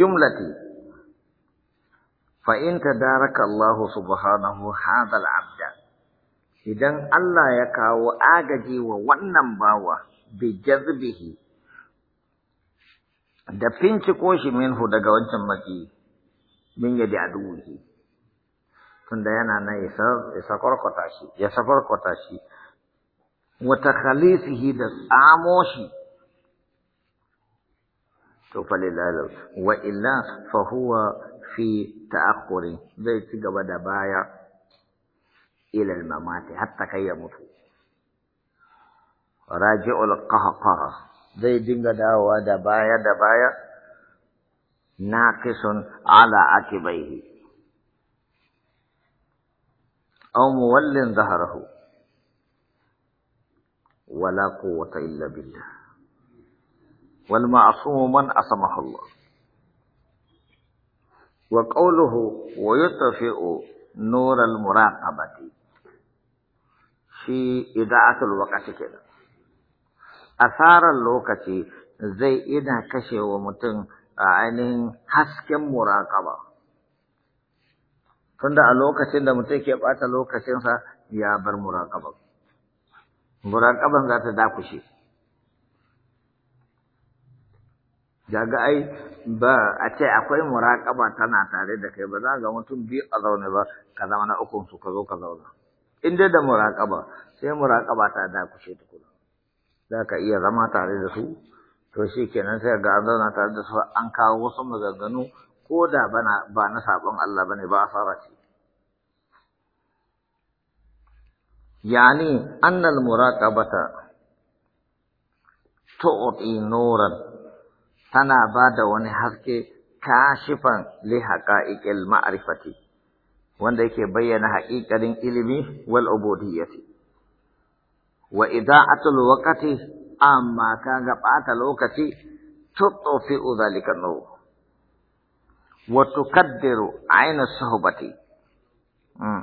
jumlati fahimta Darakallahu subhanahu hadha abda, idan Allah ya kawo agaji wa wannan bawa bi jazbihi da finci ko shi minhu daga wancan maki min yadi aduhi tunda yana na shi ya safar korkota shi wa da tsamo shi فللألف وإلا فهو في تأخر زي تجوا دبايا إلى الممات حتى كي يموت راجع القهقرة زي دنجا داوا دبايا دبايا ناقص على عقبيه أو مول ظهره ولا قوة إلا بالله والمعصوم من أصمه الله وقوله ويطفئ نور المراقبة في إداعة الوقت كده أثار اللوكة زي إذا كشي ومتن عينهم حسك مراقبة tunda a lokacin da mutum ke ɓata lokacinsa مراقبة مراقبة ذات داكشي Daga ai ba a ce akwai muraƙaba tana tare da kai ba za ga mutum biyu a zaune ba ka zama na ukun su ka zo ka zauna. In dai da muraƙaba sai muraƙaba ta da kushe tukuna. Za ka iya zama tare da su to shi kenan sai ga an zauna tare da su an kawo wasu maganganu ko da ba na saɓon Allah ba ne ba a fara ce. Yani annal muraƙabata tu'ti nuran tana ba da wani haske kashifan li haqa'iqil ma'rifati wanda yake bayyana haƙiƙarin ilimi wal ubudiyyati wa ida'atul waqti amma ka ga ɓata lokaci fi udhalika nur wa tukaddiru aina suhbati hmm.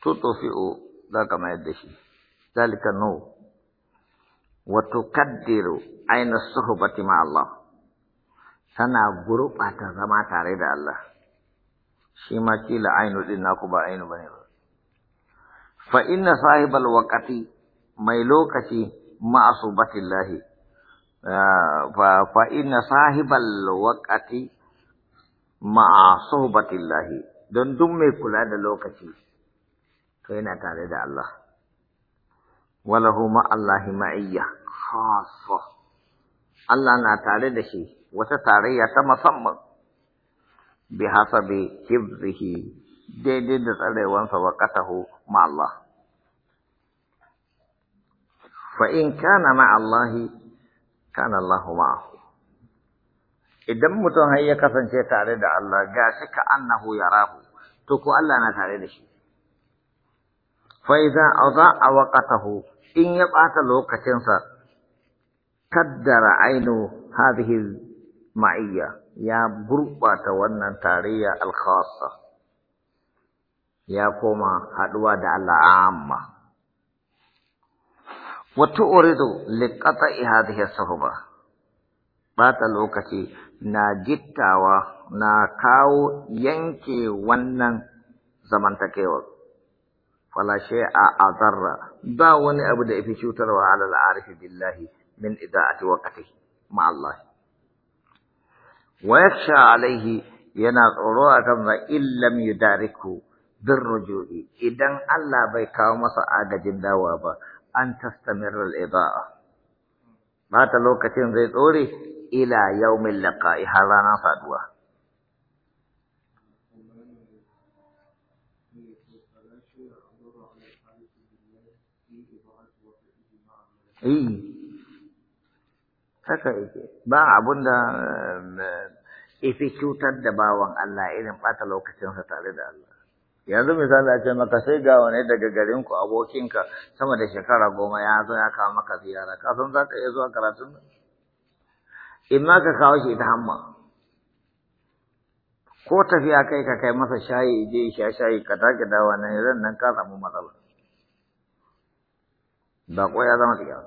tutfi fi mayar da shi ذلك النور وتقدر أين الصحبة مع الله سنة غروب أتزمع تاريد الله شما كيل عين لناكو با عين بني فإن صاحب الوقت ميلوكتي مع صحبة الله فإن صاحب الوقت مع صحبة الله don duk mai kula da lokaci to yana tare da Allah وله مع الله معية خاصة الله نتعالى دشي وتتعرية مصمم بحسب حفظه دي دي دي وقته مع الله فإن كان مع الله كان الله معه idan mutum har ya kasance tare da Allah ga shi ka annahu yarahu to ko Allah na tare da shi fa idza aza waqatahu in ya ɓata lokacinsa kaddara ainu hadhihi ma'iyya ya gurɓata wannan tarayya alkhassa ya koma haɗuwa da al'amma wa tu'ridu liqata'i hadhihi suhba bata lokaci na jittawa na kawo yanke wannan zamantakewar فلا شيء أضر داون أبدا في شوتر وعلى العارف بالله من إذاعة وقته مع الله ويخشى عليه ينال رؤى إن لم يداركه بالرجوع إذن الله بيكا ومسا أجد دوابا أن تستمر الإضاءة ما تلوكتين ذي إلى يوم اللقاء هذا نصدوه eh haka yake ba abun da ifi eh, cutar da bawan Allah irin ɓata lokacinsa tare da Allah yanzu misali a ce maka sai ga wani daga garin ku abokinka sama da shekara goma ya zo ya kawo maka ziyara ka san za ka iya zuwa karatun nan in ma ka kawo shi ta hamma ko tafiya kai ka kai masa shayi je sha shayi ka take dawa nan ran nan ka samu matsala bako ya zama tsiya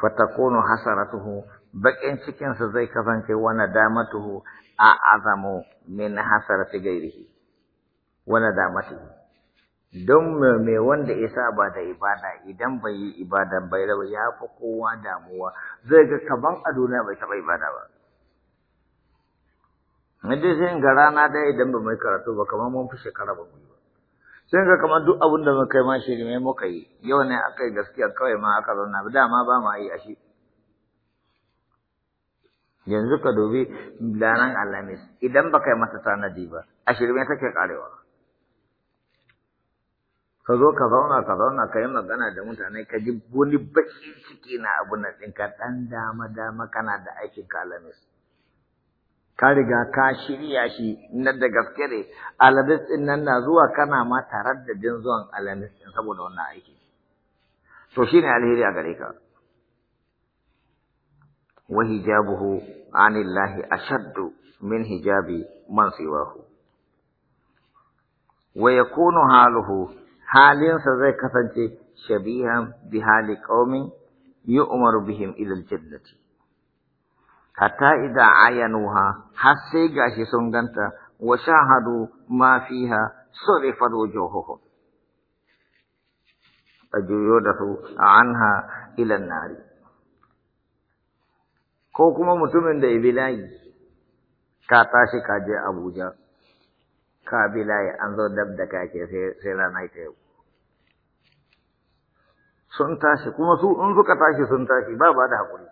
fatakunu hasaratuhu bakin cikinsa zai kasance wani damatuhu a azamu min hasarati gairihi Wani nadamatihi don me wanda isa ba da ibada idan bai yi ibada bai rawa ya fi kowa damuwa zai ga kaban a duniya bai taɓa ibada ba na dai sai ga rana ɗaya idan ba mai karatu ba kamar mun fi shekara ba mu yi ba sai ga kamar duk abin da muka yi ma shi ne muka yi yau ne aka yi gaskiya kawai ma aka zauna dama ba ma yi ashi yanzu ka dubi ranar alhamis idan baka yi mata tanadi ba a shirme take karewa ka zo ka zauna ka zauna ka yi magana da mutane ka ji wani baki ciki na abu na ɗinka ɗan dama dama kana da aikin ka alhamis ka riga ka shirya shi na da gaske ne alamis din nan na zuwa kana ma taraddadin zuwan alamis din saboda wannan aiki to shine alheri a gare ka wa hijabuhu anillahi ashaddu min hijabi man siwahu wa yakunu haluhu halinsa zai kasance shabihan bi hali qaumin yu'maru bihim ila aljannati hatta idza ayanuha har sai gashi sun ganta wa shahadu ma fiha surifat A juyo da su anha ila nari ko kuma mutumin da ibilayi ka tashi ka je Abuja ka bilayi an zo dab da kake sai rana ta yau sun tashi kuma su in suka tashi sun tashi ba ba da hakuri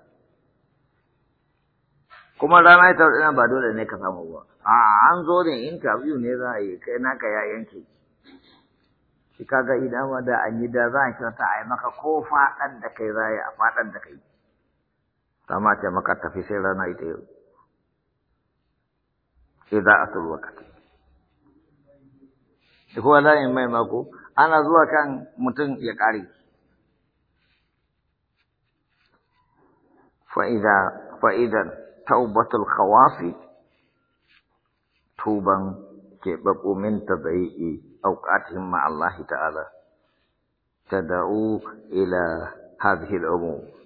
kuma rana ita ina ba dole ne ka samu ba a an zo ne interview ne za a yi kai naka ya yanke shi kaga idan ma da an yi da za a ta a yi maka ko faɗan da kai za a yi a faɗan da kai ma ce maka tafi sai rana ita yau sai za a ka wakati da kuma za in mai mako ana zuwa kan mutum ya ƙare fa'idan توبة الخواص توبا كباب من تبعي أوقاتهم مع الله تعالى تدعو إلى هذه العموم